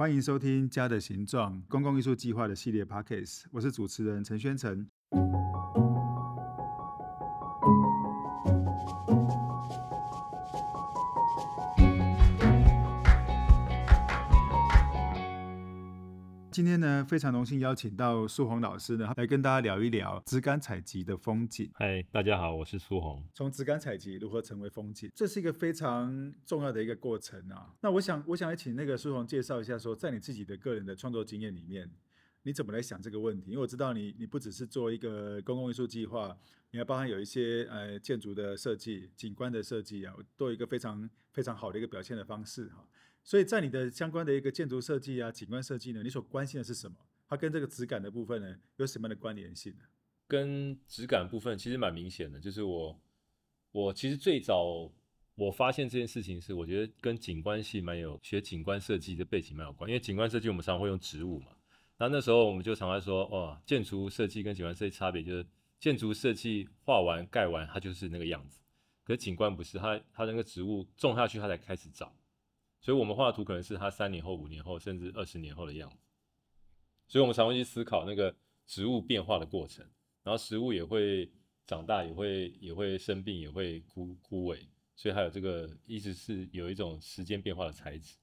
歡迎收聽《家的形狀》公共藝術計劃的系列 podcast，我是主持人陳宣誠。今天呢，非常榮幸邀請到蘇弘老師呢，來跟大家聊一聊質感採集的風景。嗨、hey，大家好，我是蘇弘。從質感採集如何成為風景，這是一個非常重要的一個過程啊。那我想，我想來請那個蘇弘介紹一下說，說在你自己的個人的創作經驗裡面。你怎麼來想這個問題？因為我知道你，你不只是做一個公共藝術計劃，你還包含有一些呃建築的設計、景觀的設計啊，都有一個非常非常好的一個表現的方式哈。所以在你的相關的一個建築設計啊、景觀設計呢，你所關心的是什麼？它跟這個質感的部分呢，有什麼樣的關聯性呢？跟質感部分其實蠻明顯的，就是我我其實最早我發現這件事情是，我覺得跟景觀系蠻有學景觀設計的背景蠻有關，因為景觀設計我們常常會用植物嘛。那那時候我們就常常說，哦，建築設計跟景觀設計差別就是建，建築設計畫完蓋完它就是那個樣子，可是景觀不是，它它那個植物種下去它才開始長，所以我們畫的圖可能是它三年後、五年後，甚至二十年後的樣子，所以我們常會去思考那個植物變化的過程，然後植物也會長大，也會也會生病，也會枯枯萎，所以還有這個一直是有一種時間變化的材質，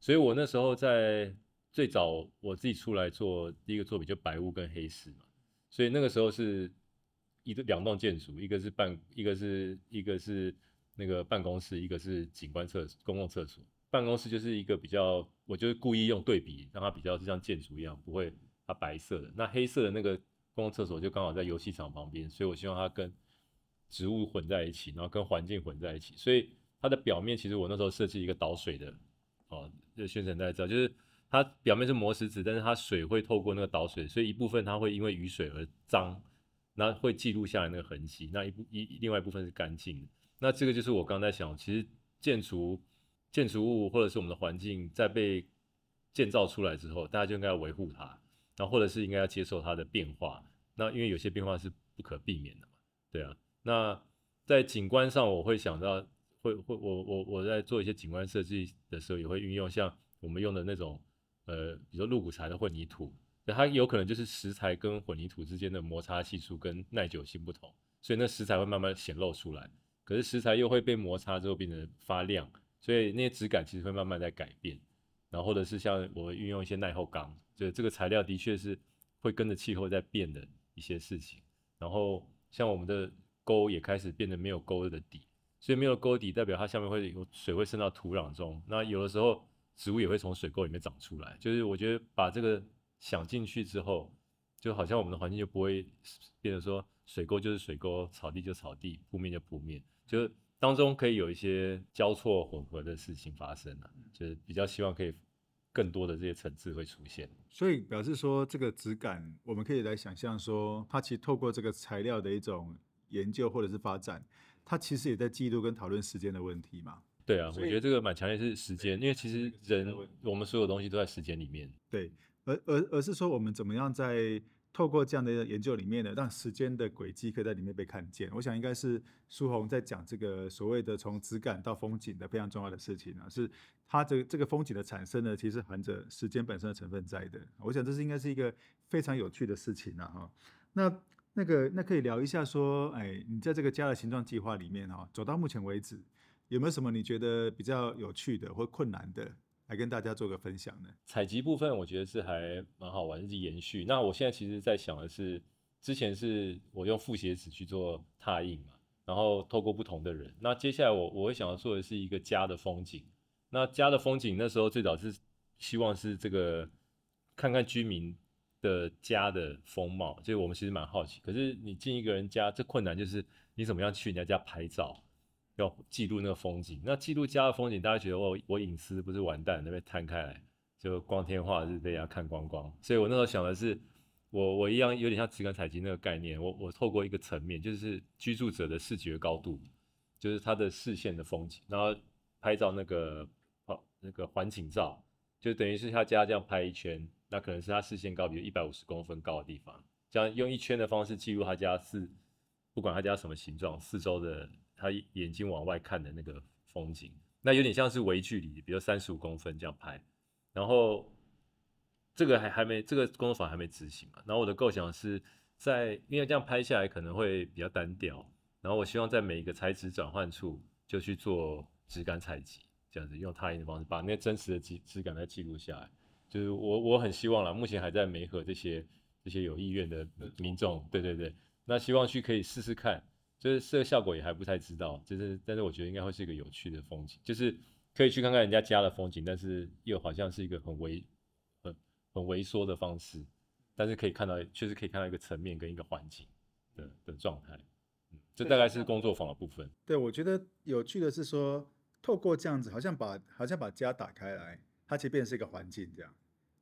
所以我那時候在。最早我自己出來做第一個作品就白屋跟黑石嘛，所以那個時候是一個兩棟建築，一個是辦，一個是一個是那個辦公室，一個是景觀廁公共廁所。辦公室就是一個比較，我就是故意用對比讓它比較就像建築一樣，不會它白色的。那黑色的那個公共廁所就剛好在遊戲場旁邊，所以我希望它跟植物混在一起，然後跟環境混在一起。所以它的表面其實我那時候設計一個導水的，哦，就宣傳大家知道就是。它表面是磨石子，但是它水會透過那個導水，所以一部分它會因為雨水而髒，那會記錄下來那個痕跡。那一部一另外一部分是乾淨的。那這個就是我剛才想，其實建築、建築物或者是我們的環境，在被建造出來之後，大家就應該要維護它，然後或者是應該要接受它的變化。那因為有些變化是不可避免的嘛，對啊。那在景觀上，我會想到會會我我我在做一些景觀設計的時候，也會運用像我們用的那種。呃，比如說露骨材的混凝土，它有可能就是石材跟混凝土之間的摩擦係數跟耐久性不同，所以那石材會慢慢顯露出來。可是石材又會被摩擦之後變得發亮，所以那些質感其實會慢慢在改變。然後或者是像我運用一些耐候鋼，就這個材料的確是會跟着氣候在變的一些事情。然後像我們的溝也開始變得沒有溝的底，所以沒有溝底代表它下面會有水會滲到土壤中。那有的時候。植物也會從水溝裡面長出來，就是我覺得把這個想進去之後，就好像我們的環境就不會變成說水溝就是水溝，草地就草地，鋪面就鋪面，就是當中可以有一些交錯混合的事情發生了，就是比較希望可以更多的這些層次會出現。所以表示說這個質感，我們可以來想象說，它其實透過這個材料的一種研究或者是發展，它其實也在記錄跟討論時間的問題嘛。對啊，我覺得這個蠻強烈，是時間，因為其實人我們所有的東西都在時間裡面。對，而而而是說，我們怎麼樣在透過這樣的研究裡面呢，讓時間的軌跡可以在裡面被看見？我想應該是蘇弘在講這個所謂的從質感到風景的非常重要的事情啊，是它這個、這個風景的產生呢，其實含着時間本身的成分在的。我想這是應該是一個非常有趣的事情了、啊、哈。那那個那可以聊一下說，哎，你在這個家的形狀計劃裡面哈、啊，走到目前為止。有沒有什麼你覺得比較有趣的或困難的，來跟大家做個分享呢？採集部分我覺得是還蠻好玩，就是延續。那我現在其實在想的是，之前是我用複寫紙去做拓印嘛，然後透過不同的人。那接下來我我會想要做的是一個家的風景。那家的風景那時候最早是希望是這個看看居民的家的風貌，所以我們其實蠻好奇。可是你進一個人家，這困難就是你怎麼樣去人家家拍照。要記錄那個風景，那記錄家的風景，大家覺得我我隱私不是完蛋？那邊攤開來，就光天化日被人家看光光。所以我那時候想的是，我我一樣有點像質感採集那個概念，我我透過一個層面，就是居住者的視覺高度，就是他的視線的風景，然後拍照那個好那個環景照，就等於是他家這樣拍一圈，那可能是他視線高，比如一百五十公分高的地方，這樣用一圈的方式記錄他家，是不管他家什麼形狀，四周的。他眼睛往外看的那個風景，那有點像是微距離，比如三十五公分這樣拍。然後這個還還沒這個工作坊還沒執行嘛。然後我的構想是在，因為這樣拍下來可能會比較單調。然後我希望在每一個材質轉換處就去做質感採集，這樣子用拓印的方式把那真實的質、質感再記錄下來。就是我我很希望啦，目前還在媒合這些這些有意願的民眾，對對對，那希望去可以試試看。就是這個效果也還不太知道，就是但是我覺得應該會是一個有趣的風景，就是可以去看看人家家的風景，但是又好像是一個很微很很微縮的方式，但是可以看到確實可以看到一個層面跟一個環境的的狀態，嗯，這大概是工作坊的部分對。對，我覺得有趣的是說，透過這樣子，好像把好像把家打開來，它其實變成是一個環境這樣。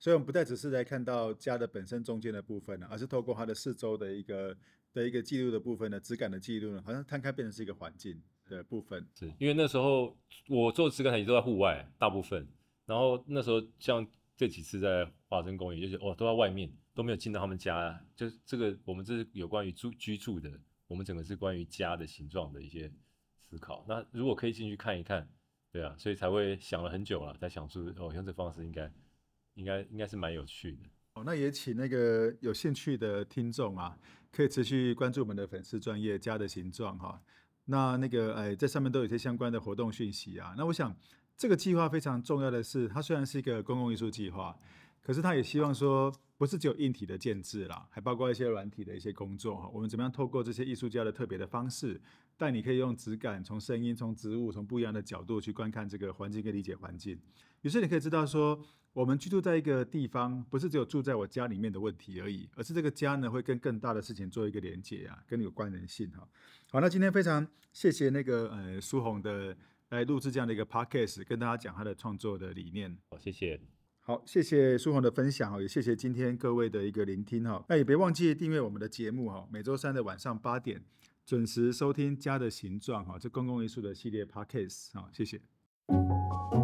所以，我們不再只是在看到家的本身中間的部分，啊、而是透過它的四周的一個的一個記錄的部分呢，質感的記錄呢，好像攤開變成是一個環境的部分。是，因為那時候我做的質感也都在戶外，大部分。然後那時候像這幾次在華生公寓，就是哦，都在外面，都沒有進到他們家，啊。就是這個，我們這是有關於住居住的，我們整個是關於家的形狀的一些思考。那如果可以進去看一看，對啊，所以才會想了很久了，才想出哦用這方式應該。應該應該是蠻有趣的。哦，那也請那個有興趣的聽眾啊，可以持續關注我們的粉絲專頁家的形狀哈、啊。那那個哎，在上面都有些相關的活動訊息啊。那我想這個計劃非常重要的是，它雖然是一個公共藝術計劃。可是他也希望說，不是只有硬體的建制啦，還包括一些軟體的一些工作哈。我們怎麼樣透過這些藝術家的特別的方式，帶你可以用質感、從聲音、從植物、從不一樣的角度去觀看這個環境跟理解環境。於是你可以知道說，我們居住在一個地方，不是只有住在我家裡面的問題而已，而是這個家呢會跟更大的事情做一個連接啊，跟有關人性哈。好，那今天非常謝謝那個呃蘇弘的來錄製這樣的一個 podcast，跟大家講他的創作的理念。好，謝謝。好，謝謝蘇弘的分享哦，也謝謝今天各位的一個聆聽哈。那也別忘記訂閱我們的節目哈，每周三的晚上八點準時收聽《家的形狀》哈，這公共藝術的系列 Podcast 哈，謝謝。